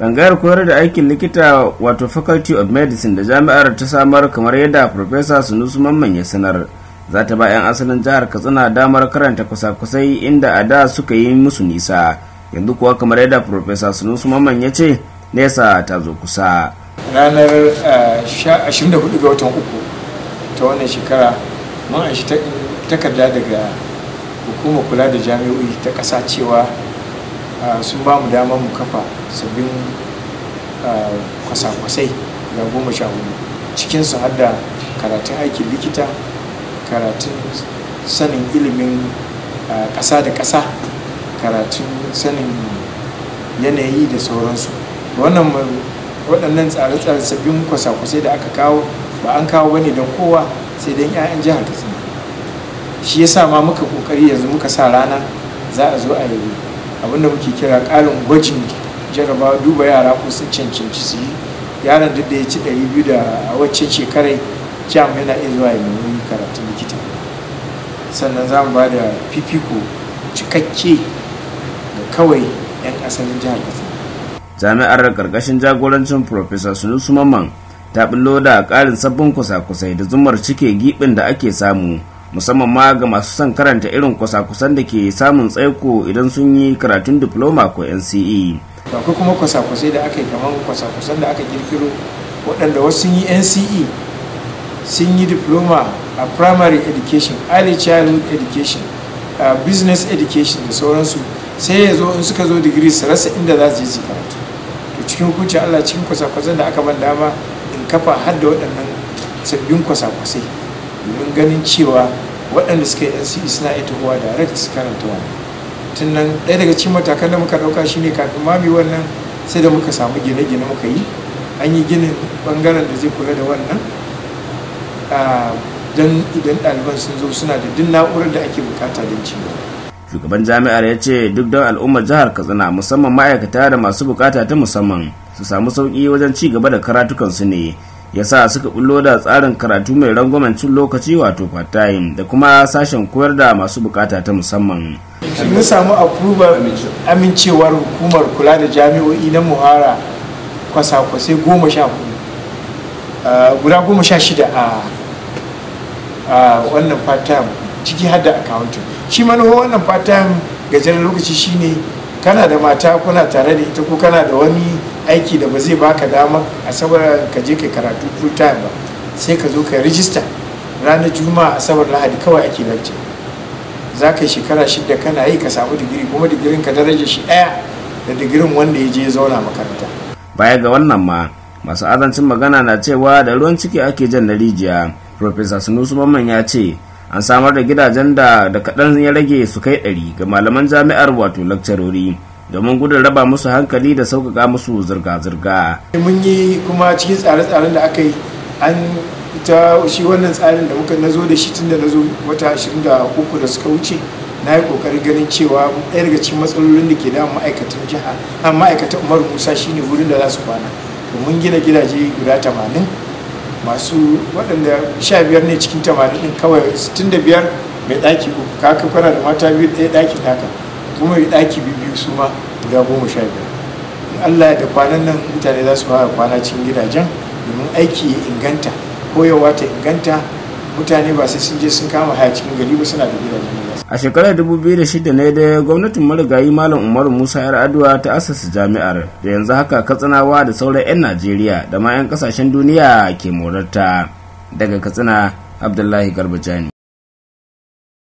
tsangayar koyar da aikin likita wato faculty of medicine da jami'ar ta samar kamar yadda professor sunusu mamman ya sanar za ta ba 'yan asalin jihar katsina damar karanta kusa-kusai inda a da suka yi musu nisa yanzu kuwa kamar yadda professor sunusu mamman ya ce nesa ta zo kusa ranar 24 eh, ga watan uku ta wannan shekara mun aishi takarda daga hukumar kula da jami'o'i ta cewa Ah, sun ba mu dama mu kafa sabbin ah, kwasa-kwasai ga goma sha hudu cikinsu su hada karatun aikin likita karatun sanin ilimin ah, ƙasa da ƙasa karatun sanin yanayi da sauransu wannan waɗannan tsare-tsare sabbin kwasa-kwasai da aka kawo ba an kawo bane don kowa sai don 'ya'yan jihar katsina shi ya sa ma muka ƙoƙari yanzu muka sa rana za a zo a yi abinda muke kira ƙarin gwajin jaraba duba yara ko sun cancanci su yi yaran duk da ya ci 200 a wacce shekarai jam yana iya zuwa ya nemi karatun likita sannan za mu ba da fifiko cikakke da kawai 'yan asalin jihar kasa. jami'ar karkashin jagorancin professor sunu mamman ta loda da ƙarin sabbin kusa-kusai da zumar cike giɓin da ake samu musamman ma ga masu son karanta irin kwasa-kwasan da ke samun tsaiko idan sun yi karatun diploma ko nce akwai kuma kwasa-kwasai da aka yi kamar kwasa-kwasan da aka kirkiro waɗanda wasu yi nce sun yi diploma a primary education early childhood education a business education da sauransu sai ya zo in suka zo digiri su rasa inda za su je karatu to cikin hukuncin allah cikin kwasa-kwasan da aka ban dama in kafa har da waɗannan sabbin kwasa-kwasai domin ganin cewa waɗanda suka yi nc e suna iya da direct su karanta wani tun nan ɗaya daga cikin matakan da muka ɗauka shine kafin mami wannan sai da muka samu gine-gine muka yi an yi ginin ɓangaren da zai kula da wannan don idan ɗaliban sun zo suna da duk na'urar da ake bukata don ci shugaban jami'ar ya ce duk don al'ummar jihar katsina musamman ma'aikata da masu bukata ta musamman su samu sauƙi wajen ci gaba da karatukansu ne ya sa suka bullo da tsarin karatu mai rangwamen cin lokaci wato part da kuma sashen koyar da masu bukata ta musamman mun samu approval amincewar hukumar kula da jami'o'i na muhara kwasa-kwasai goma sha hudu guda goma sha shida a wannan part ciki har da accounting shi manuwa wannan part gajeren lokaci shine kana da mata kuna tare da ita ko kana da wani aiki da ba zai baka dama a sabar ka je ka karatu full time ba sai ka zo ka rijista ranar juma'a asabar lahadi kawai ake lance za ka yi shekara shida kana yi ka samu digiri kuma digirin ka daraja shi ɗaya da digirin wanda ya je zauna makaranta baya ga wannan ma masu azancin magana na cewa da ruwan ciki ake jan da rijiya professor sunusu ya ce an samar da gidajen da da kaɗan ya rage su kai ɗari ga malaman jami'ar wato lakcarori domin gudun raba musu hankali da sauƙaƙa musu zirga-zirga. mun yi kuma cikin tsare-tsaren da aka yi an ta shi wannan tsarin da muka nazo da shi tun da nazo wata ashirin da da suka wuce na yi ƙoƙarin ganin cewa ɗaya daga cikin matsalolin da ke da ma'aikatan jiha an ma'aikatan umaru musa shine wurin da za su kwana mun gina gidaje guda tamanin masu waɗanda sha biyar ne cikin tamanin kawai sittin da biyar mai ɗaki uku kaka kwana da mata biyu ɗaya ɗaki naka kuma mai ɗaki biyu biyu su ma guda goma sha biyar in allah da kwanan nan mutane za su fara kwana cikin gidajen domin aiki ya inganta koyarwa ta inganta mutane ba sai sun je sun kama haya cikin gari ba suna da gidajen a shekarar 2006 ne da gwamnatin marigayi malam umaru musa yar aduwa ta asasa jami'ar da yanzu haka katsinawa da sauran 'yan najeriya da ma 'yan kasashen duniya ke morarta daga katsina abdullahi garbajani